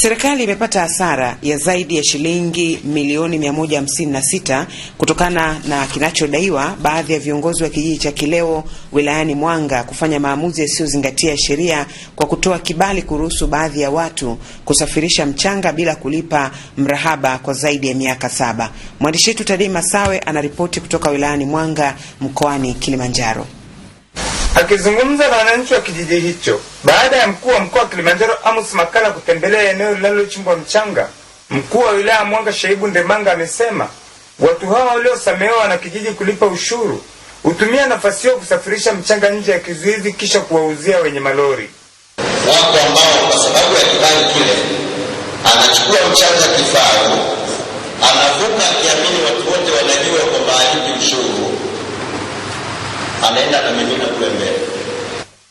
Serikali imepata hasara ya zaidi ya shilingi milioni 156 kutokana na kinachodaiwa baadhi ya viongozi wa kijiji cha Kileo wilayani Mwanga kufanya maamuzi yasiyozingatia sheria kwa kutoa kibali kuruhusu baadhi ya watu kusafirisha mchanga bila kulipa mrahaba kwa zaidi ya miaka saba. Mwandishi wetu Tadei Masawe anaripoti kutoka wilayani Mwanga mkoani Kilimanjaro. Akizungumza na wananchi wa kijiji hicho baada ya mkuu wa mkoa wa Kilimanjaro Amos makala kutembelea eneo linalochimbwa mchanga, mkuu wa wilaya Mwanga Shaibu Ndemanga amesema watu hawa waliosamehewa na kijiji kulipa ushuru hutumia nafasi hiyo kusafirisha mchanga nje ya kizuizi kisha kuwauzia wenye malori. Wapo ambao kwa sababu ya kibali kile anachukua mchanga kifaru anaenda anamimina kule mbele.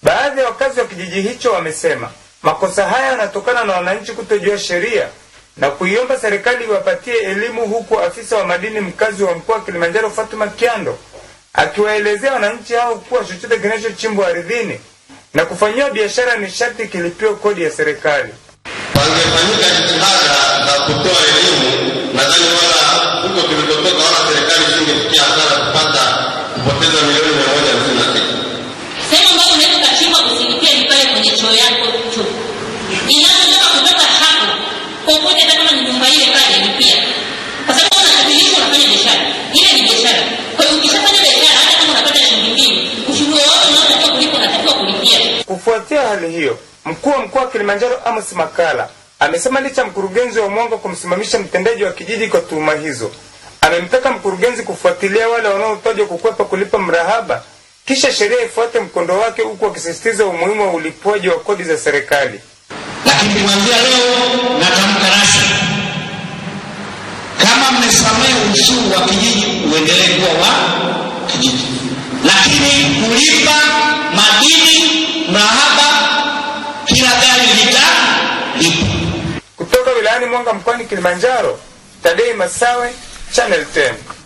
Baadhi ya wakazi wa kijiji hicho wamesema makosa haya yanatokana na wananchi kutojua sheria na kuiomba serikali iwapatie elimu, huku afisa wa madini mkazi wa mkoa wa Kilimanjaro Fatuma Kiando akiwaelezea wananchi hao kuwa chochote kinachochimbwa ardhini na kufanyiwa biashara ni sharti kilipiwe kodi ya serikali. Wangefanyika jitihada za kutoa elimu Kufuatia hali hiyo, mkuu wa mkoa wa Kilimanjaro Amos Makala amesema licha mkurugenzi wa Mwanga kumsimamisha mtendaji wa kijiji kwa tuhuma hizo, amemtaka mkurugenzi kufuatilia wale wanaotajwa kukwepa kulipa mrahaba, kisha sheria ifuate mkondo wake, huku akisisitiza umuhimu wa ulipwaji wa kodi za serikali. Lakini kuanzia leo natamka rasmi, kama mmesamehe ushuru wa kijiji uendelee kuwa wa kijiji, lakini kulipa madini Mwanga mkoani Kilimanjaro, Tadei Masawe, Channel 10.